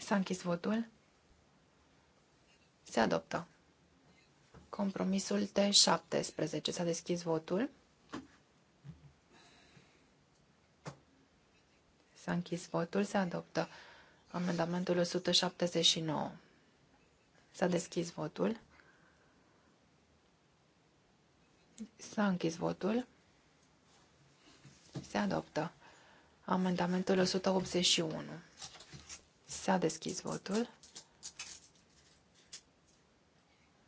S-a închis votul. Se adoptă. Compromisul T17. S-a deschis votul. S-a închis votul. Se adoptă. Amendamentul 179. S-a deschis votul. S-a închis votul. Se adoptă. Amendamentul 181. S-a deschis votul.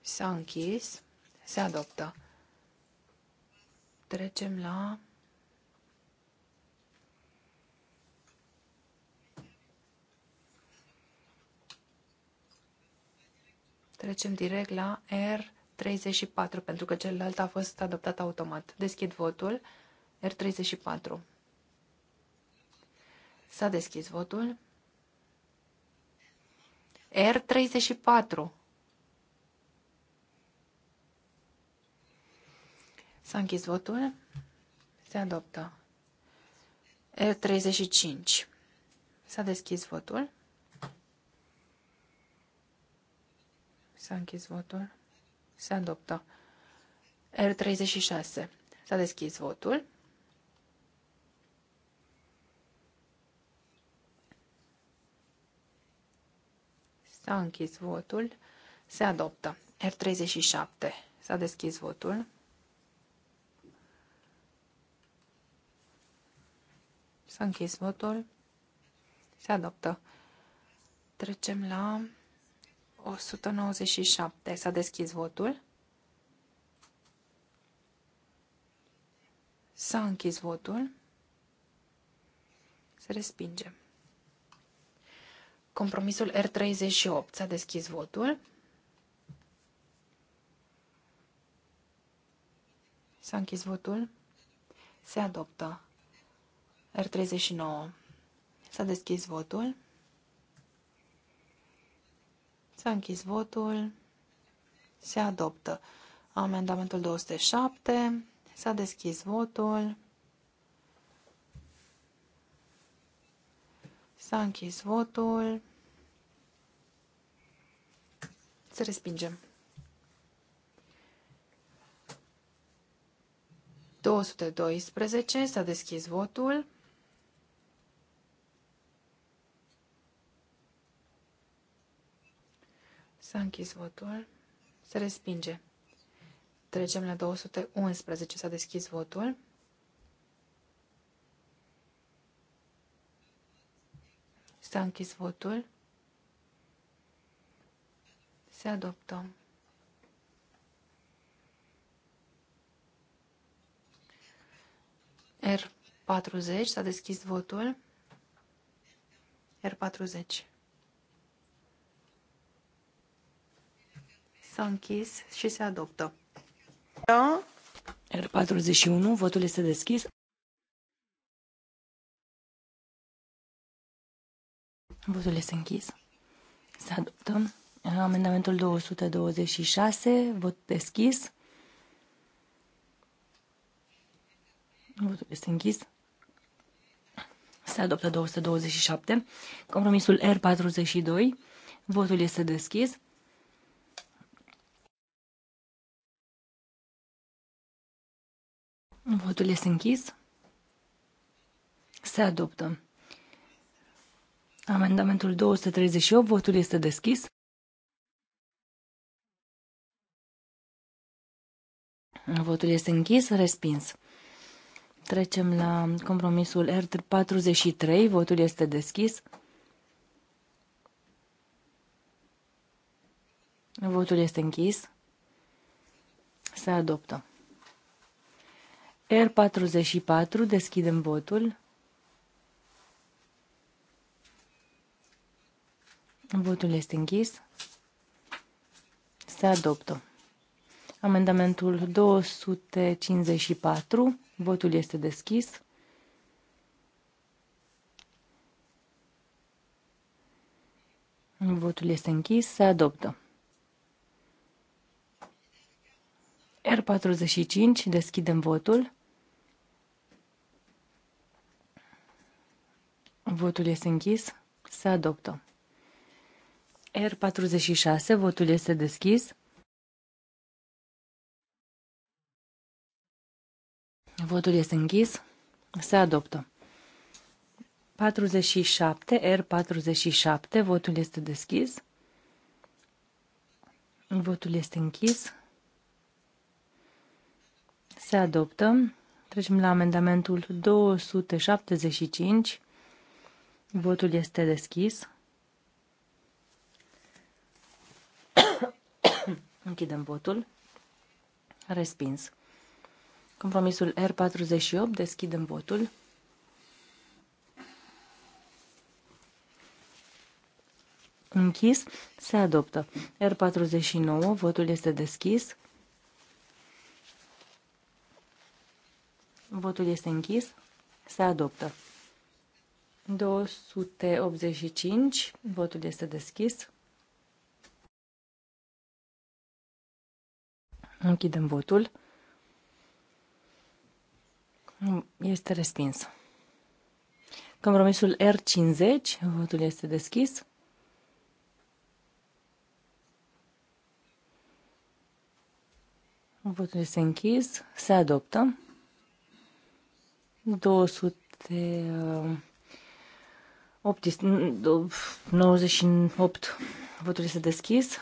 S-a închis. Se adoptă. Trecem la... Trecem direct la R34, pentru că celălalt a fost adoptat automat. Deschid votul. R34. S-a deschis votul. R34. S-a închis votul. Se adoptă. R35. S-a deschis votul. S-a închis votul. Se adoptă. R36. S-a deschis votul. S-a închis votul. Se adoptă. R37. S-a deschis votul. S-a închis votul. Se adoptă. Trecem la 197. S-a deschis votul. S-a închis votul. Se respinge. Compromisul R38. S-a deschis votul. S-a închis votul. Se adoptă. R39. S-a deschis votul. S-a închis votul. Se adoptă. Amendamentul 207. S-a deschis votul. S-a închis votul. Să respingem. 212 s-a deschis votul. S-a închis votul. Se respinge. Trecem la 211. S-a deschis votul. S-a închis votul. Se adoptă. R40. S-a deschis votul. R40. S-a închis și se adoptă. R41. Votul este deschis. Votul este închis. Se adoptă. Amendamentul 226, vot deschis. Votul este închis. Se adoptă 227. Compromisul R42. Votul este deschis. Votul este închis. Se adoptă. Amendamentul 238, votul este deschis. Votul este închis, respins. Trecem la compromisul R43, votul este deschis. Votul este închis. Se adoptă. R44, deschidem votul. Votul este închis. Se adoptă. Amendamentul 254. Votul este deschis. Votul este închis. Se adoptă. R45. Deschidem votul. Votul este închis. Se adoptă. R46, votul este deschis. Votul este închis. Se adoptă. 47, R47, votul este deschis. Votul este închis. Se adoptă. Trecem la amendamentul 275. Votul este deschis. Închidem votul. Respins. Compromisul R48. Deschidem votul. Închis. Se adoptă. R49. Votul este deschis. Votul este închis. Se adoptă. 285. Votul este deschis. Închidem votul. Este respins. Compromisul R50, votul este deschis. Votul este închis. Se adoptă. 298. Votul este deschis.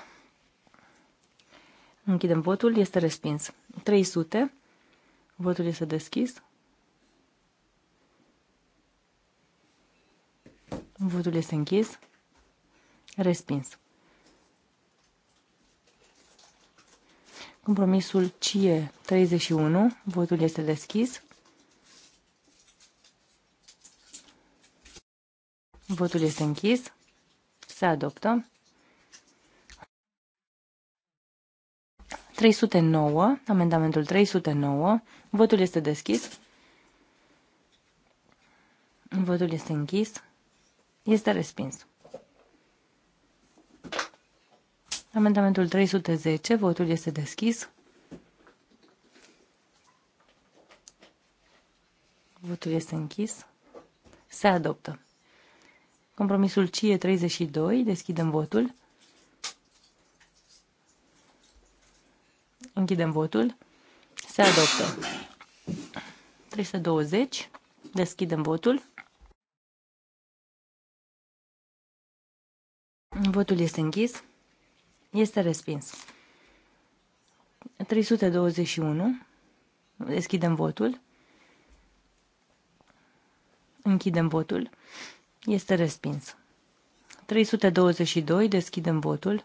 Închidem votul, este respins. 300. Votul este deschis. Votul este închis. Respins. Compromisul CIE 31. Votul este deschis. Votul este închis. Se adoptă. 309, amendamentul 309, votul este deschis. Votul este închis. Este respins. Amendamentul 310, votul este deschis. Votul este închis. Se adoptă. Compromisul CIE 32, deschidem votul. Închidem votul. Se adoptă. 320. Deschidem votul. Votul este închis. Este respins. 321. Deschidem votul. Închidem votul. Este respins. 322. Deschidem votul.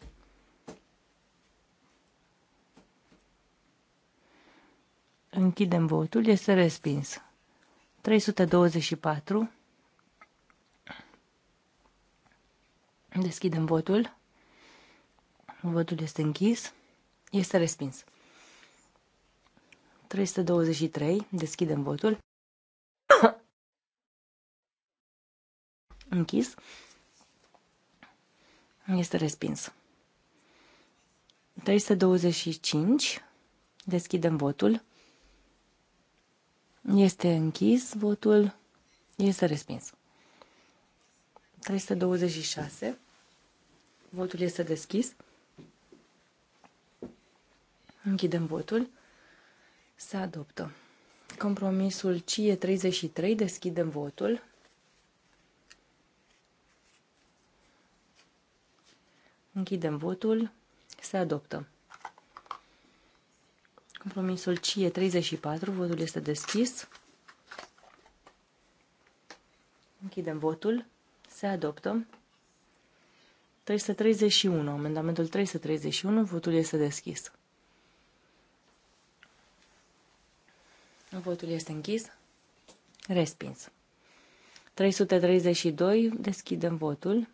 Închidem votul. Este respins. 324. Deschidem votul. Votul este închis. Este respins. 323. Deschidem votul. închis. Este respins. 325. Deschidem votul. Este închis votul. Este respins. 326. Votul este deschis. Închidem votul. Se adoptă. Compromisul CIE 33. Deschidem votul. Închidem votul. Se adoptă. Compromisul CIE 34, votul este deschis. Închidem votul. Se adoptă. 331, amendamentul 331, votul este deschis. Votul este închis. Respins. 332, deschidem votul.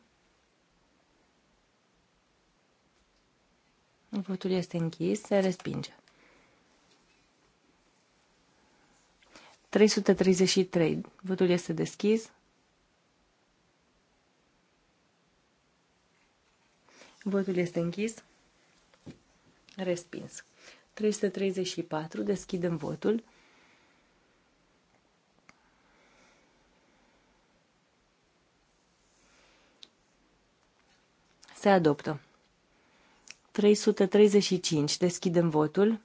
Votul este închis, se respinge. 333. Votul este deschis. Votul este închis. Respins. 334. Deschidem votul. Se adoptă. 335. Deschidem votul.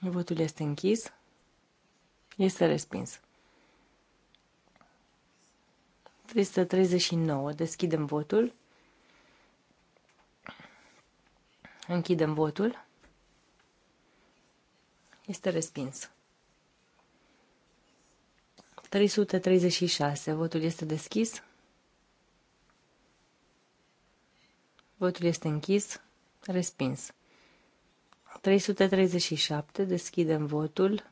Votul este închis. Este respins. 339. Deschidem votul. Închidem votul. Este respins. 336. Votul este deschis. Votul este închis. Respins. 337. Deschidem votul.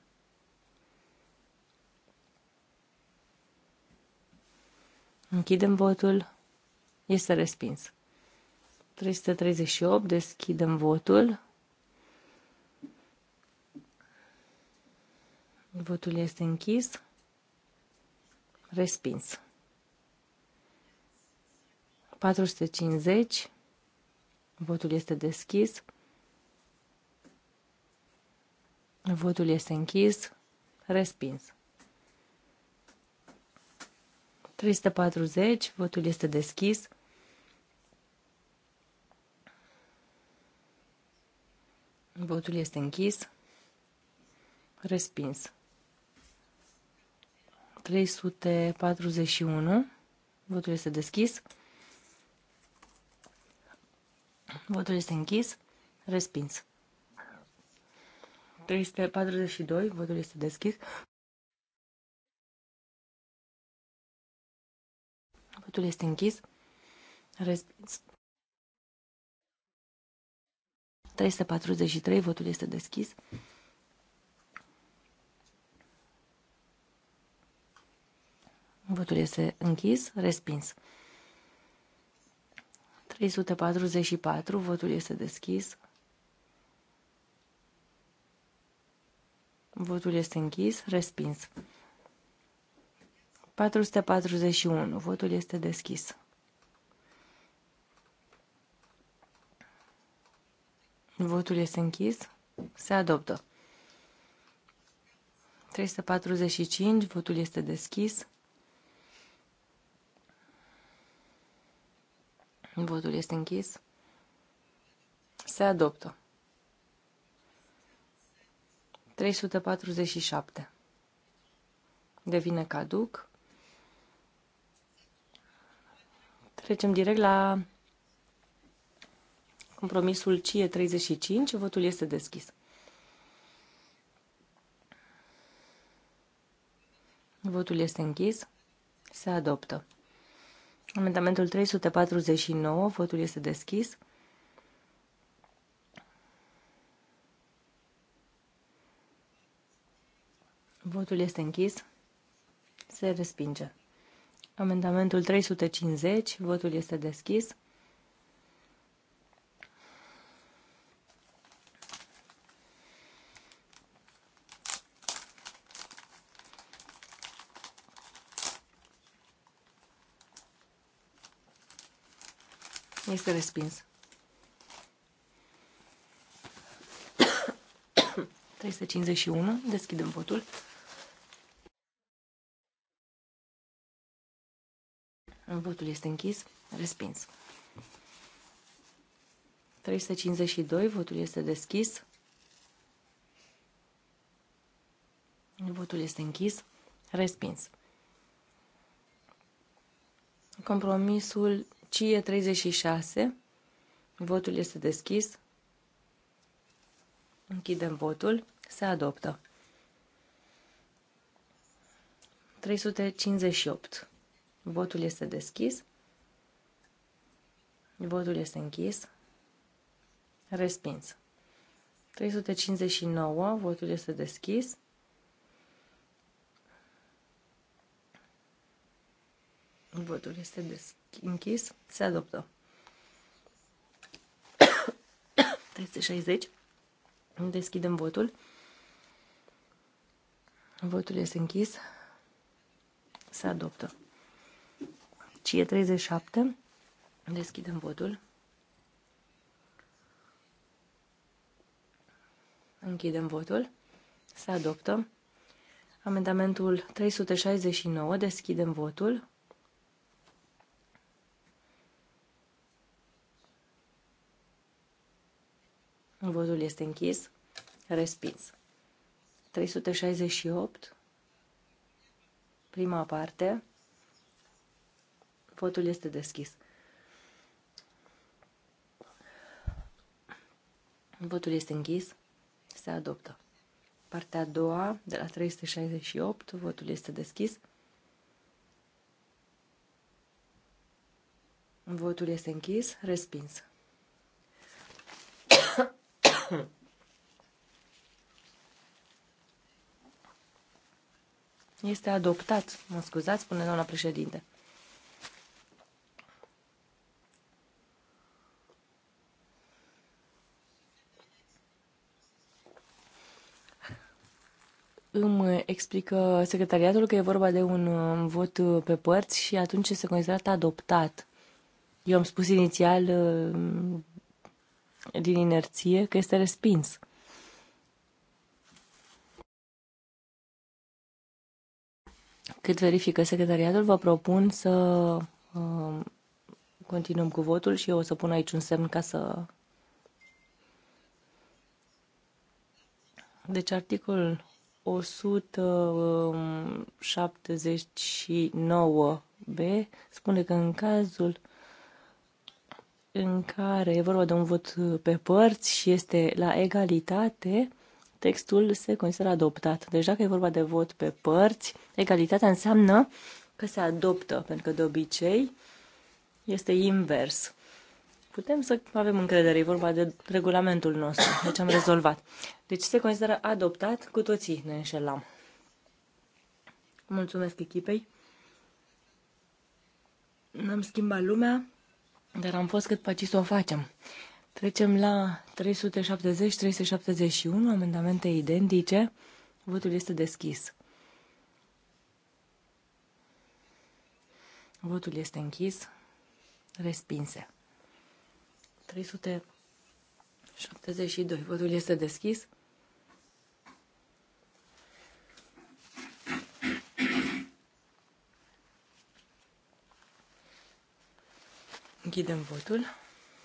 Închidem votul. Este respins. 338. Deschidem votul. Votul este închis. Respins. 450. Votul este deschis. Votul este închis. Respins. 340. Votul este deschis. Votul este închis. Respins. 341. Votul este deschis. Votul este închis. Respins. 342, votul este deschis. Votul este închis. Respins. 343, votul este deschis. Votul este închis, respins. 344, votul este deschis. Votul este închis. Respins. 441. Votul este deschis. Votul este închis. Se adoptă. 345. Votul este deschis. Votul este închis. Se adoptă. 347. Devine caduc. Trecem direct la compromisul CIE 35. Votul este deschis. Votul este închis. Se adoptă. Amendamentul 349. Votul este deschis. Votul este închis. Se respinge. Amendamentul 350. Votul este deschis. Este respins. 351. Deschidem votul. Votul este închis. Respins. 352. Votul este deschis. Votul este închis. Respins. Compromisul CIE 36. Votul este deschis. Închidem votul. Se adoptă. 358. Votul este deschis. Votul este închis. Respins. 359. Votul este deschis. Votul este închis. Se adoptă. 360. Deschidem votul. Votul este închis. Se adoptă. CIE 37. Deschidem votul. Închidem votul. Se adoptă. Amendamentul 369. Deschidem votul. Votul este închis. Respins. 368. Prima parte. Votul este deschis. Votul este închis. Se adoptă. Partea a doua, de la 368, votul este deschis. Votul este închis, respins. Este adoptat, mă scuzați, spune doamna președinte. îmi explică secretariatul că e vorba de un um, vot uh, pe părți și atunci este considerat adoptat. Eu am spus inițial uh, din inerție că este respins. Cât verifică secretariatul, vă propun să uh, continuăm cu votul și eu o să pun aici un semn ca să... Deci articolul 179b um, spune că în cazul în care e vorba de un vot uh, pe părți și este la egalitate, textul se consideră adoptat. Deci dacă e vorba de vot pe părți, egalitatea înseamnă că se adoptă, pentru că de obicei este invers putem să avem încredere. E vorba de regulamentul nostru. Deci am rezolvat. Deci se consideră adoptat. Cu toții ne înșelam. Mulțumesc echipei. N-am schimbat lumea, dar am fost cât paci să o facem. Trecem la 370-371, amendamente identice. Votul este deschis. Votul este închis. Respinse. 372. Votul este deschis. Închidem votul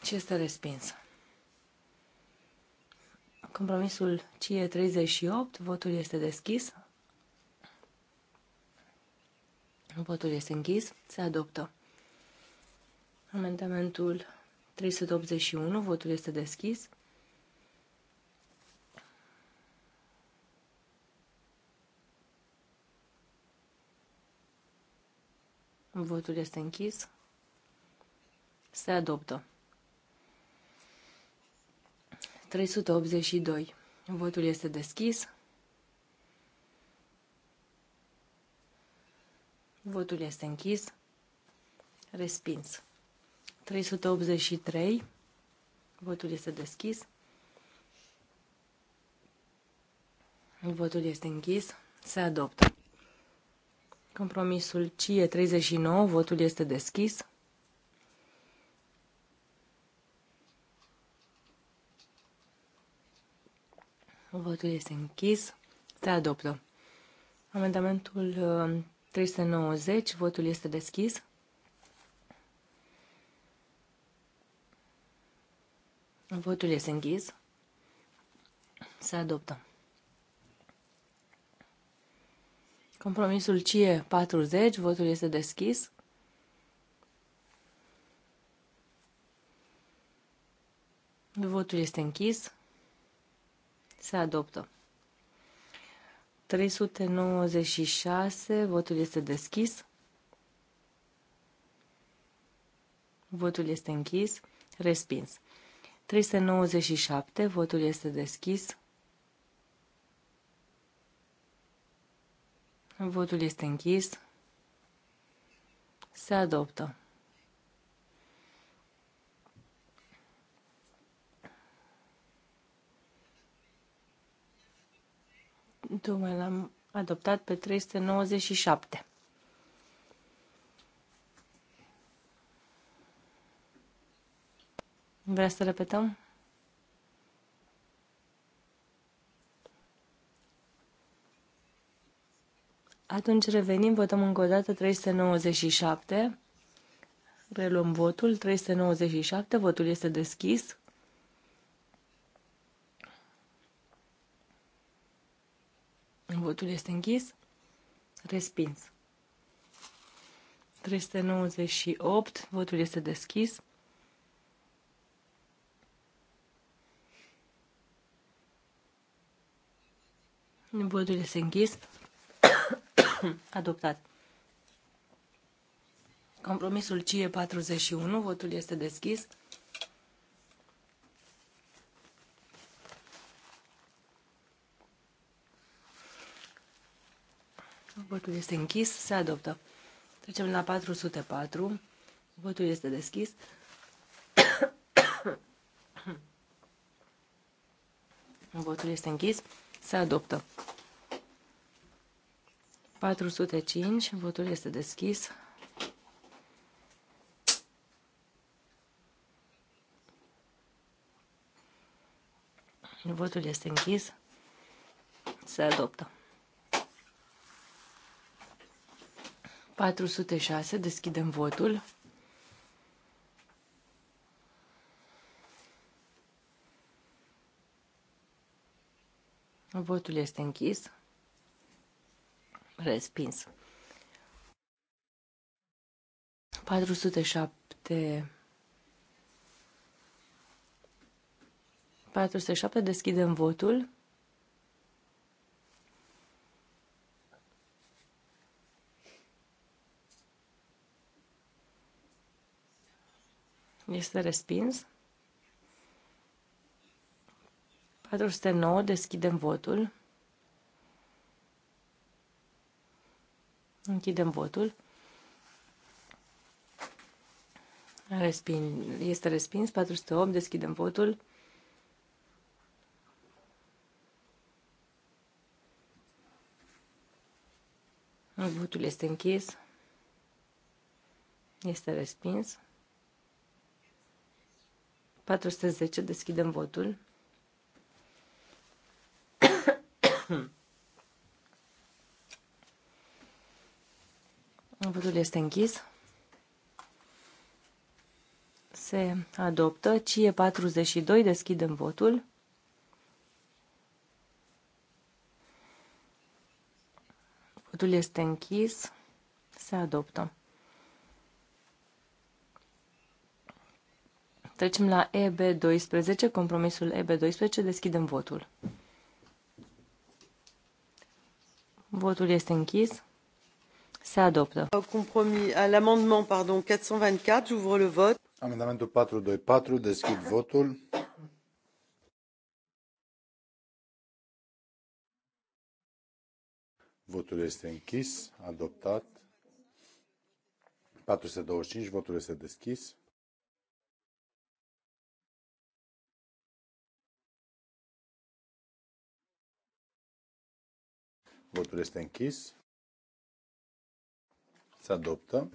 și este respins. Compromisul CIE 38, votul este deschis. Votul este închis, se adoptă. Amendamentul 381, votul este deschis. Votul este închis. Se adoptă. 382. Votul este deschis. Votul este închis. Respins. 383. Votul este deschis. Votul este închis. Se adoptă. Compromisul CIE 39. Votul este deschis. Votul este închis. Se adoptă. Amendamentul 390. Uh, Votul este deschis. Votul este închis. Se adoptă. Compromisul CIE 40, votul este deschis. Votul este închis. Se adoptă. 396, votul este deschis. Votul este închis. Respins. 397, votul este deschis. Votul este închis. Se adoptă. Tocmai l-am adoptat pe 397. Vrea să repetăm? Atunci revenim, votăm încă o dată 397. Reluăm votul, 397, votul este deschis. Votul este închis. Respins. 398, votul este deschis. Votul este închis. Adoptat. Compromisul CIE 41, votul este deschis. Votul este închis, se adoptă. Trecem la 404. Votul este deschis. Votul este închis. Se adoptă. 405. Votul este deschis. Votul este închis. Se adoptă. 406. Deschidem votul. Votul este închis. Respins. 407 407 deschidem votul. Este respins. 409, deschidem votul. Închidem votul. Respin, este respins. 408. Deschidem votul. Votul este închis. Este respins. 410. Deschidem votul. Hm. Votul este închis. Se adoptă. CIE 42. Deschidem votul. Votul este închis. Se adoptă. Trecem la EB12, compromisul EB12, deschidem votul. Votul este închis. Se adoptă. Compromis, l'amendement, pardon, 424, j'ouvre le vot. Amendamentul 424, deschid votul. Votul este închis, adoptat. 425, votul este deschis. Votul este închis. Se adoptă.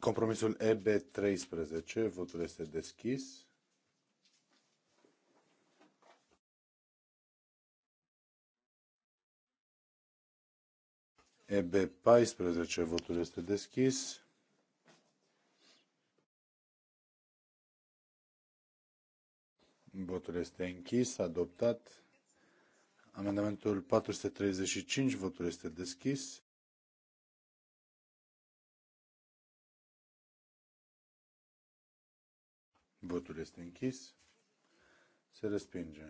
Compromisul EB13, votul este deschis. EB14, votul este deschis. Votul este închis, adoptat. Amendamentul 435, votul este deschis. Votul este închis. Se respinge.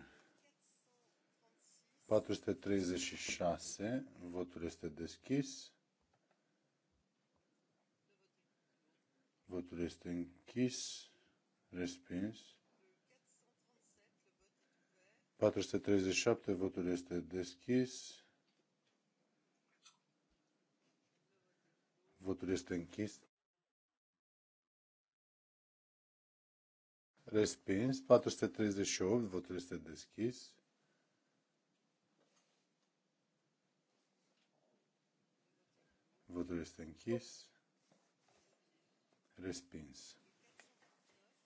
436, votul este deschis. Votul este închis, respins. 437, votul este deschis. Votul este închis. Respins. 438. Votul este deschis. Votul este închis. Respins.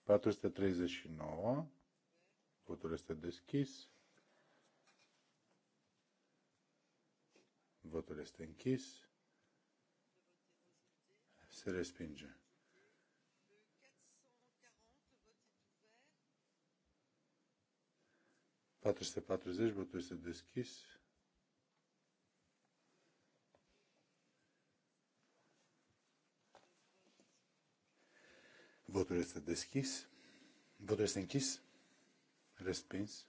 439. Votul este deschis. Votul este închis. Se respinge. patruzeci, votul este deschis. Votul este deschis. Votul este închis. Respins.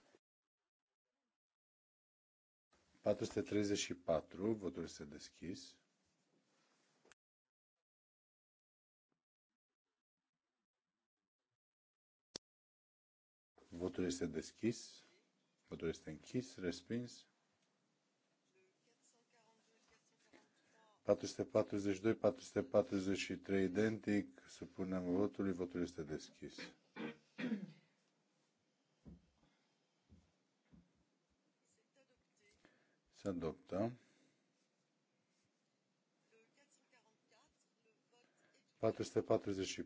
434. Votul este deschis. Votul este deschis. Votul este închis. Respins. 442, 443 identic. Supunem votului. Votul este deschis. Se adoptă.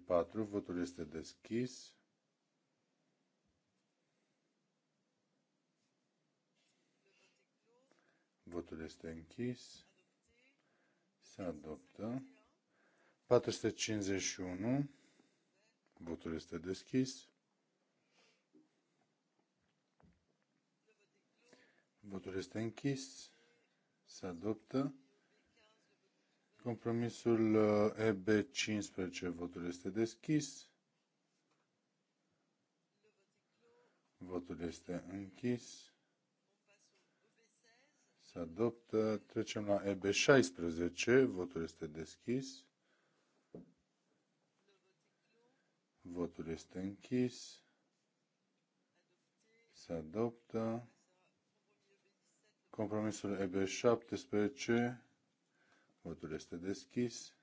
patru Votul este deschis. Votul este închis. Se adoptă. 451. Votul este deschis. Votul este închis. Se adoptă. Compromisul uh, EB15. Votul este deschis. Votul este închis. Se adoptă. Trecem la EB16. Votul este deschis. Votul este închis. Se adoptă. Compromisul EB17. Votul este deschis.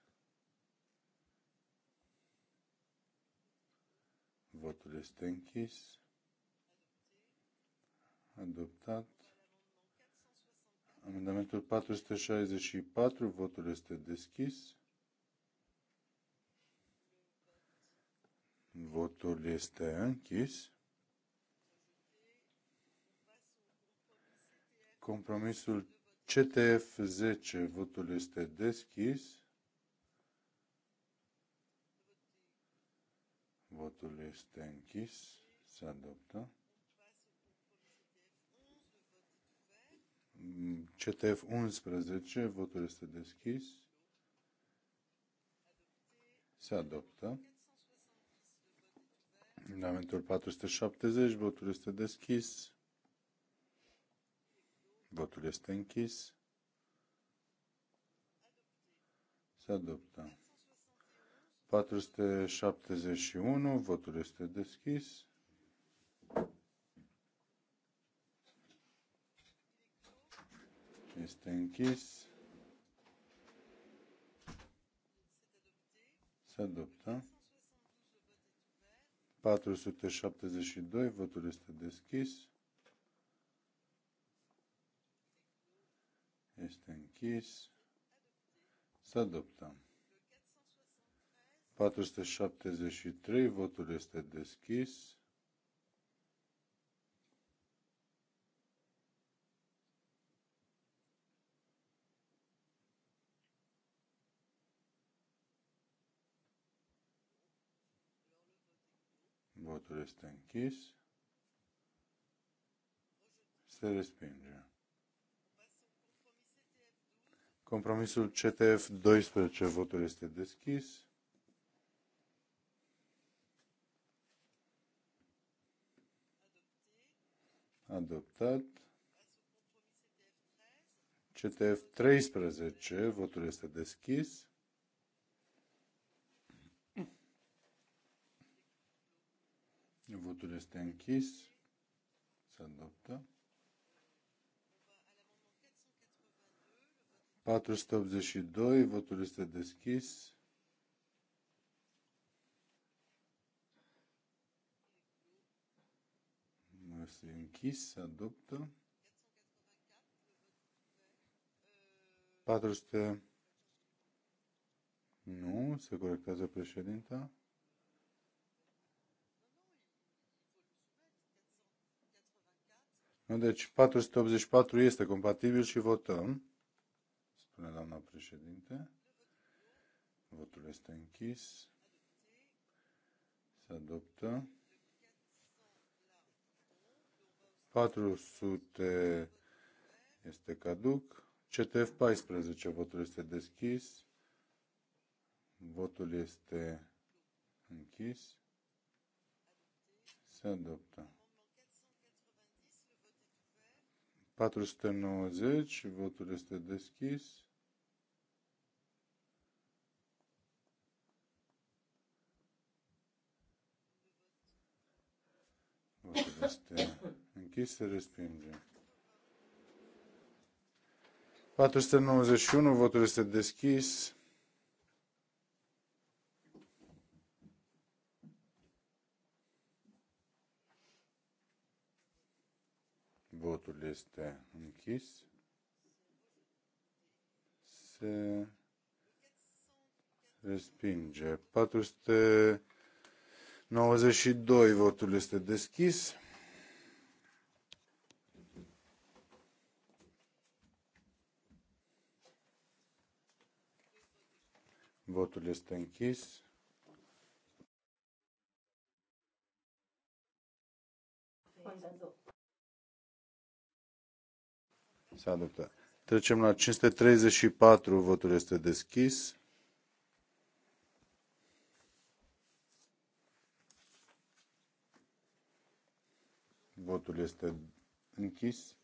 Votul este închis. Adoptat. Amendamentul 464. Votul este deschis. Votul este închis. Compromisul CTF10, votul este deschis. Votul este închis. Se adoptă. CTF 11, votul este deschis. Se adoptă. Amendamentul 470, votul este deschis. Votul este închis. Se adoptă. 471. Votul este deschis. Este închis. Se adoptă. 472. Votul este deschis. Este închis. Să adoptăm. 473. Votul este deschis. Votul este închis. Se respinge. Compromisul CTF 12, votul este deschis. Adoptat. CTF 13, votul este deschis. Votul este închis. Se adoptă. 482, votul este deschis. Este închis, se adoptă. 400. Nu, se corectează președinta. Nu, deci 484 este compatibil și votăm spune doamna președinte. Votul este închis. Se adoptă. 400 este caduc. CTF 14, votul este deschis. Votul este închis. Se adoptă. 490, votul este deschis. Votul este închis, se respinge. 491, votul este deschis. Votul este închis. Se respinge. 400 92. Votul este deschis. Votul este închis. S-a adoptat. Trecem la 534. Votul este deschis. Votul este închis.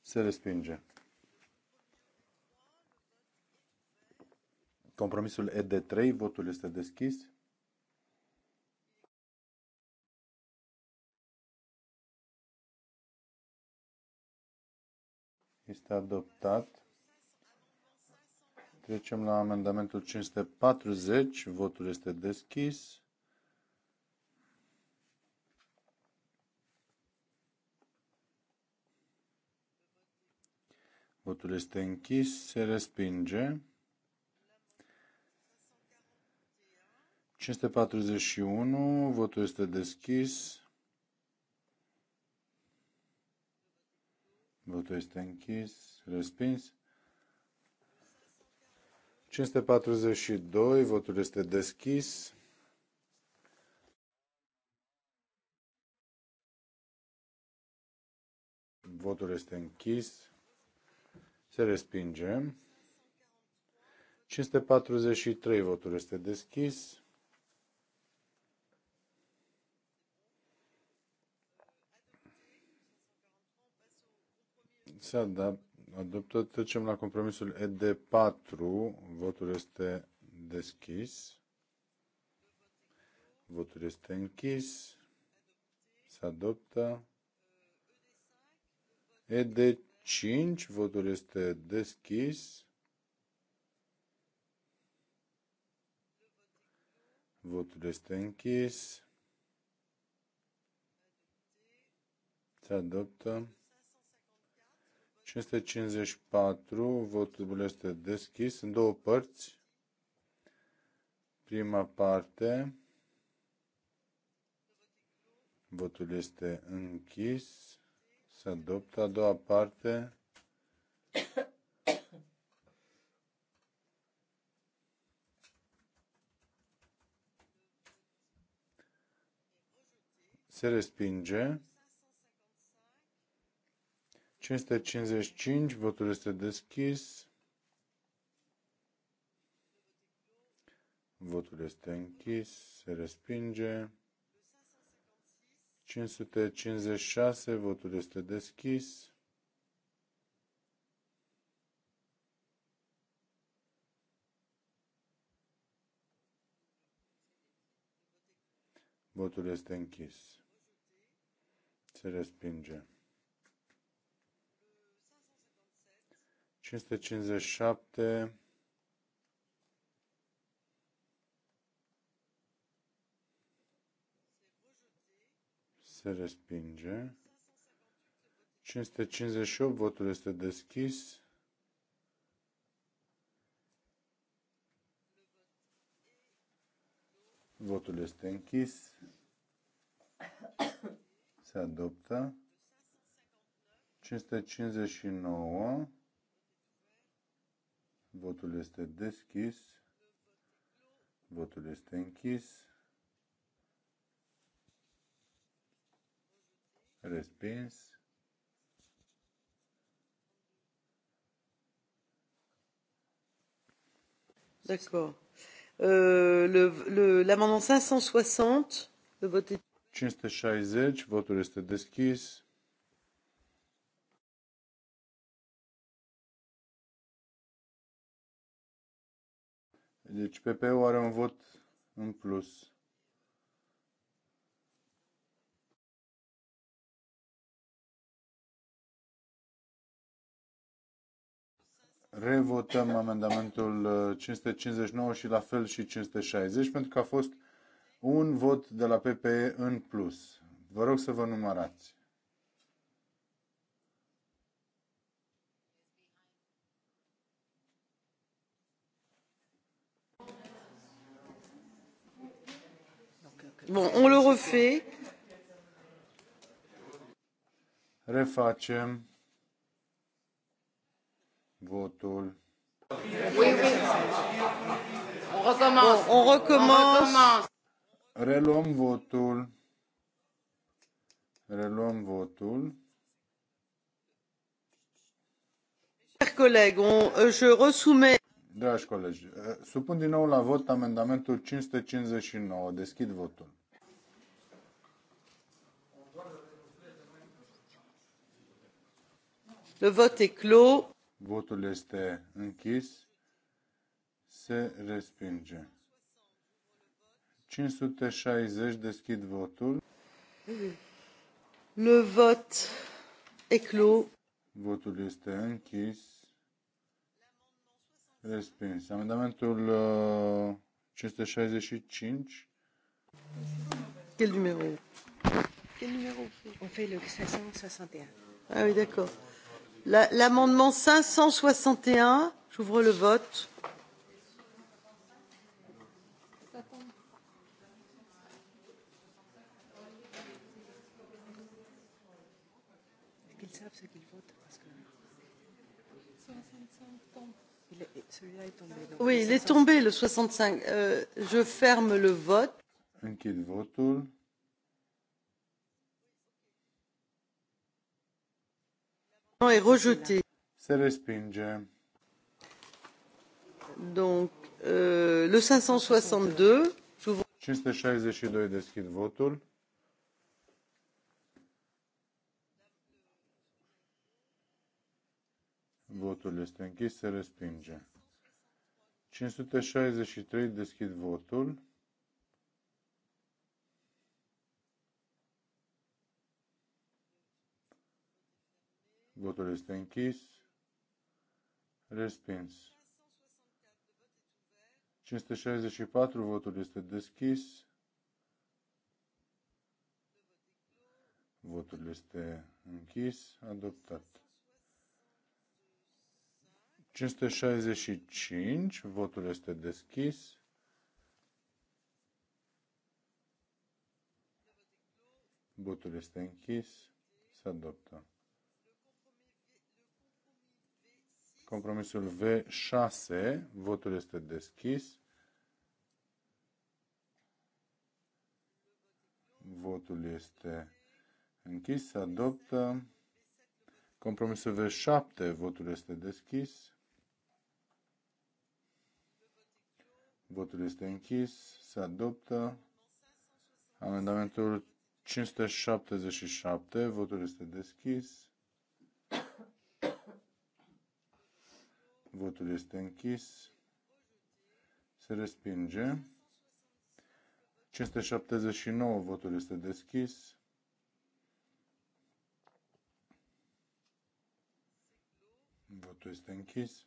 Se respinge. Compromisul ED3, votul este deschis. Este adoptat. Trecem la amendamentul 540. Votul este deschis. Votul este închis. Se respinge. 541. Votul este deschis. Votul este închis. Respins. 542. Votul este deschis. Votul este închis. Se respinge. 543 votul este deschis. Se adap adoptă. Trecem la compromisul ED4. Votul este deschis. Votul este închis. Se adoptă. ED5. 5. Votul este deschis. Votul este închis. Se adoptă. 554. Votul este deschis în două părți. Prima parte. Votul este închis se adoptă. A doua parte se respinge. 555, votul este deschis. Votul este închis, se respinge. 556, votul este deschis. Votul este închis. Se respinge. 557 se respinge. 558, votul este deschis. Votul este închis. Se adoptă. 559. Votul este deschis. Votul este închis. respins. D'accord. Euh, L'amendement 560, le vote est... 560, votul este deschis. Deci PP-ul are un vot în plus. revotăm amendamentul 559 uh, și la fel și 560 pentru că a fost un vot de la PPE în plus. Vă rog să vă numărați. Bun, on le refait. Refacem votul. Oui, oui. On recommence. On, on recommence. Reluăm votul. Reluăm votul. Chers collègues, on, euh, je ressoumets. Dragi colegi, euh, supun din nou la vot amendamentul 559. Deschid votul. Le vote est clos. Votul este închis. Se respinge. 560. Deschid votul. Le vot est clos. Votul este închis. Respins. Amendamentul 565. Uh, Quel numéro Quel numéro on fait? On fait le 561. Ah oui, d'accord l'amendement cinq cent soixante et un j'ouvre le vote. Oui, il est tombé le 65. Euh, je ferme le vote. est rejeté. Se respinge. Donc, euh, le 562. 562 deschid votul. Votul este închis, se respinge. 563 deschid votul. Votul este închis. Respins. 564. Votul este deschis. Votul este închis. Adoptat. 565. Votul este deschis. Votul este închis. Se adoptă. Compromisul V6, votul este deschis. Votul este închis, se adoptă. Compromisul V7, votul este deschis. Votul este închis, se adoptă. Amendamentul 577, votul este deschis. Votul este închis. Se respinge. 579. Votul este deschis. Votul este închis.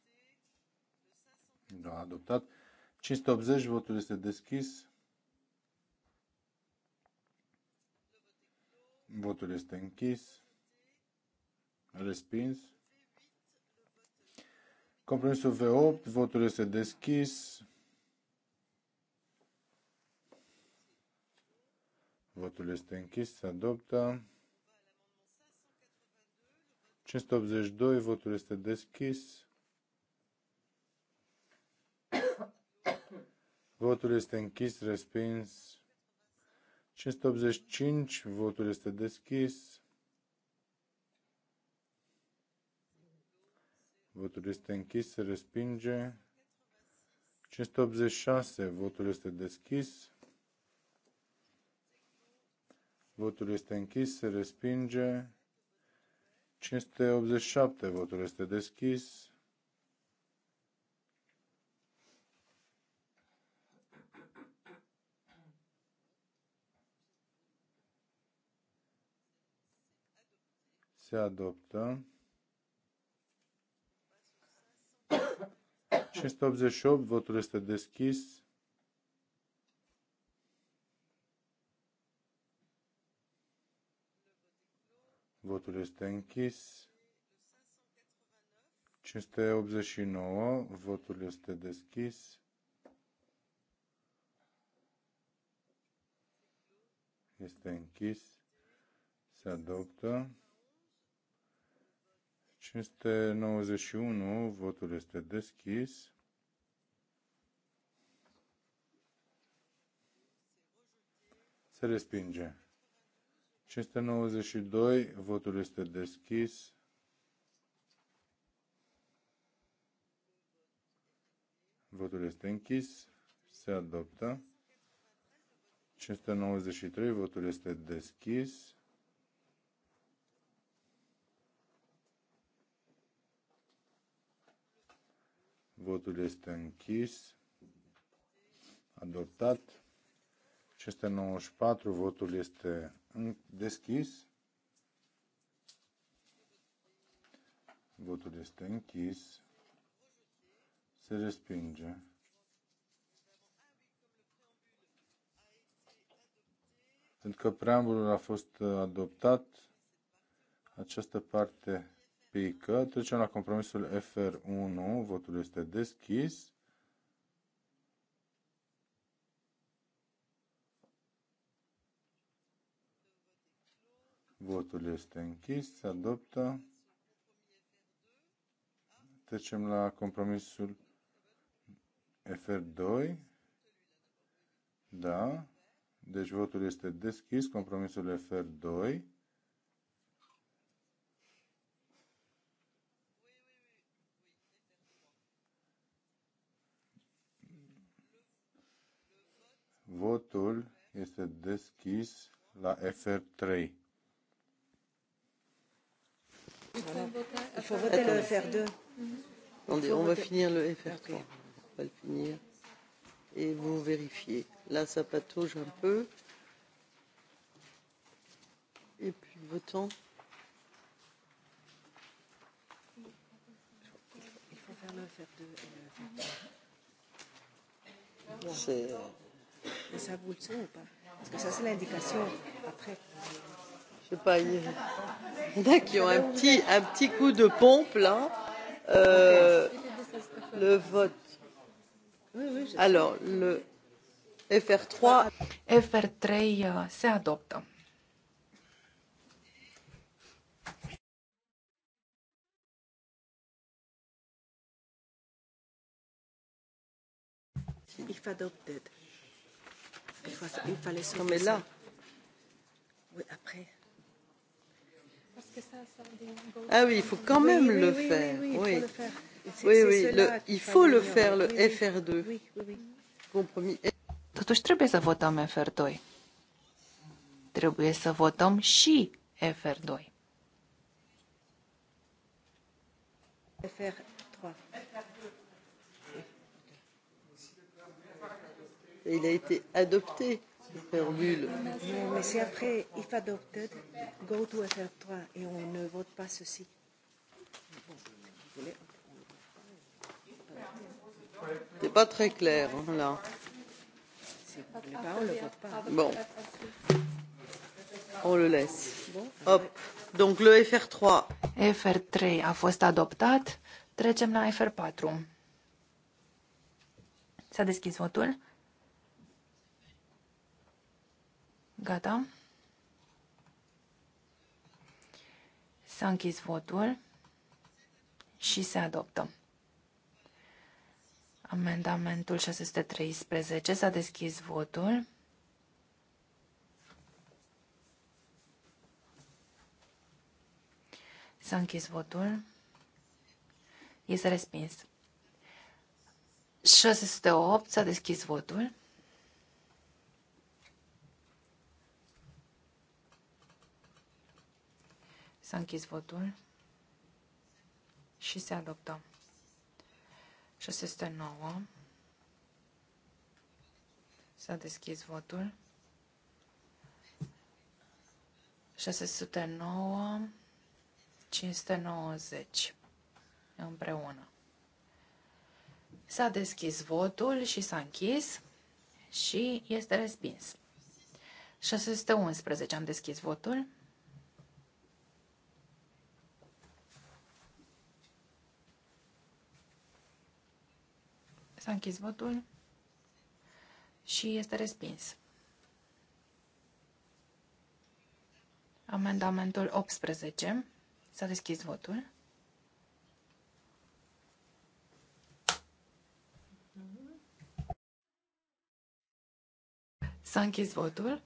Da, adoptat. 580. Votul este deschis. Votul este închis. Respins. Compromisul V8, votul este deschis. Votul este închis, se adoptă. 582, votul este deschis. Votul este închis, respins. 585, votul este deschis. Votul este închis, se respinge. 586, votul este deschis. Votul este închis, se respinge. 587, votul este deschis. Se adoptă. 588, votul este deschis. Votul este închis. 589, votul este deschis. Este închis. Se adoptă. 591, votul este deschis. Se respinge. 592, votul este deschis. Votul este închis. Se adoptă. 593, votul este deschis. Votul este închis. Adoptat. 594. Votul este deschis. Votul este închis. Se respinge. Pentru că preambulul a fost adoptat, această parte pică. Trecem la compromisul FR1. Votul este deschis. Votul este închis. Se adoptă. Trecem la compromisul FR2. Da. Deci votul este deschis. Compromisul FR2. Votul este deschis la FR3. Il FR2. Attendez, on va finir le FR3. On va le finir. Et vous vérifiez. Là, ça patauge un peu. Et puis, votons. Il faut faire le FR2 et le FR3. C'est... Mais ça vous le tient ou pas Parce que ça, c'est l'indication après. Je sais pas, il y en a qui ont un petit, un petit coup de pompe là. Euh, le vote. Alors, le FR3. FR3 euh, se adoptă. Ich adopted. Il, faut, il fallait se mettre là. Oui, après. Parce que ça, ça ah oui, il faut quand même oui, le, oui, faire. Oui, oui, oui, Il faut le faire. Oui, oui, le, il faut le faire, le FR2. Oui, oui, oui. Compromis. Totuși trebuie să votăm FR2. Trebuie să votăm și FR2. FR 2 il a été adopté, le préambule. Mais si après, if adopted, go to FR3 et on ne vote pas ceci. C'est pas très clair, hein, là. Bon. On le laisse. Hop. Donc le FR3. FR3 a fost adoptat. Trecem la FR4. S-a deschis votul. Gata. S-a închis votul și se adoptă. Amendamentul 613 s-a deschis votul. S-a închis votul. Este respins. 608 s-a deschis votul. S-a închis votul și se adoptă. 609. S-a deschis votul. 609, 590 împreună. S-a deschis votul și s-a închis și este respins. 611 am deschis votul. S-a închis votul și este respins. Amendamentul 18. S-a deschis votul. S-a închis votul.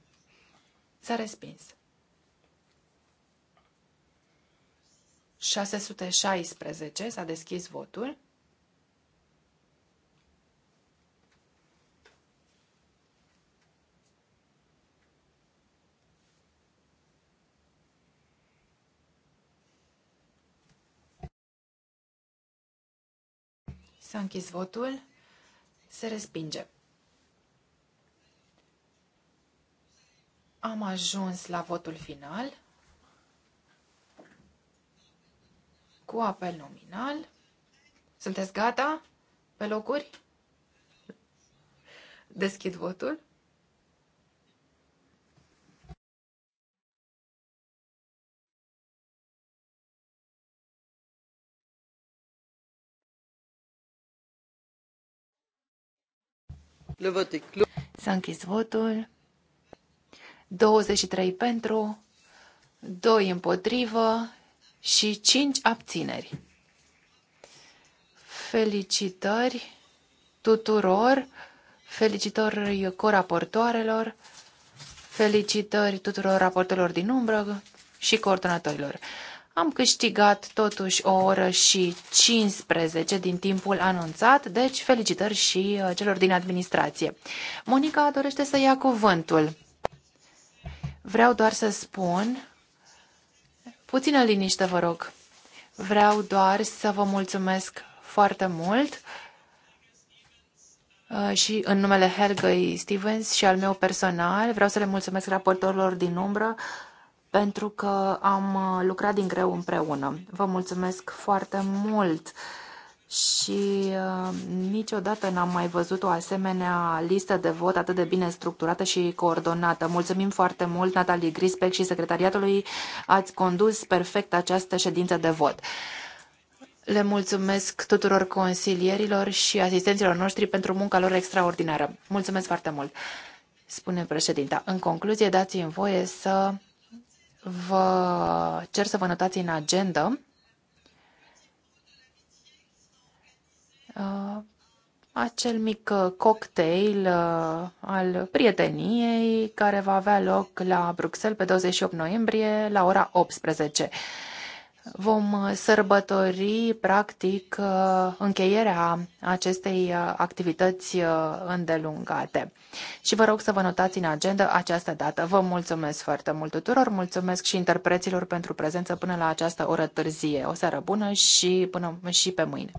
S-a respins. 616. S-a deschis votul. S-a închis votul. Se respinge. Am ajuns la votul final cu apel nominal. Sunteți gata? Pe locuri? Deschid votul. S-a închis votul. 23 pentru, 2 împotrivă și 5 abțineri. Felicitări tuturor, felicitări coraportoarelor, felicitări tuturor raportelor din umbră și coordonatorilor. Am câștigat totuși o oră și 15 din timpul anunțat, deci felicitări și uh, celor din administrație. Monica dorește să ia cuvântul. Vreau doar să spun... Puțină liniște, vă rog. Vreau doar să vă mulțumesc foarte mult uh, și în numele Helgăi Stevens și al meu personal vreau să le mulțumesc raportorilor din umbră pentru că am uh, lucrat din greu împreună. Vă mulțumesc foarte mult și uh, niciodată n-am mai văzut o asemenea listă de vot atât de bine structurată și coordonată. Mulțumim foarte mult Natalie Grispec și secretariatului. Ați condus perfect această ședință de vot. Le mulțumesc tuturor consilierilor și asistenților noștri pentru munca lor extraordinară. Mulțumesc foarte mult, spune președinta. În concluzie, dați-mi voie să vă cer să vă notați în agenda uh, acel mic uh, cocktail uh, al prieteniei care va avea loc la Bruxelles pe 28 noiembrie la ora 18. Vom uh, sărbători, practic, uh, încheierea acestei uh, activități îndelungate. Și vă rog să vă notați în agenda această dată. Vă mulțumesc foarte mult tuturor, mulțumesc și interpreților pentru prezență până la această oră târzie. O seară bună și, până, și pe mâine.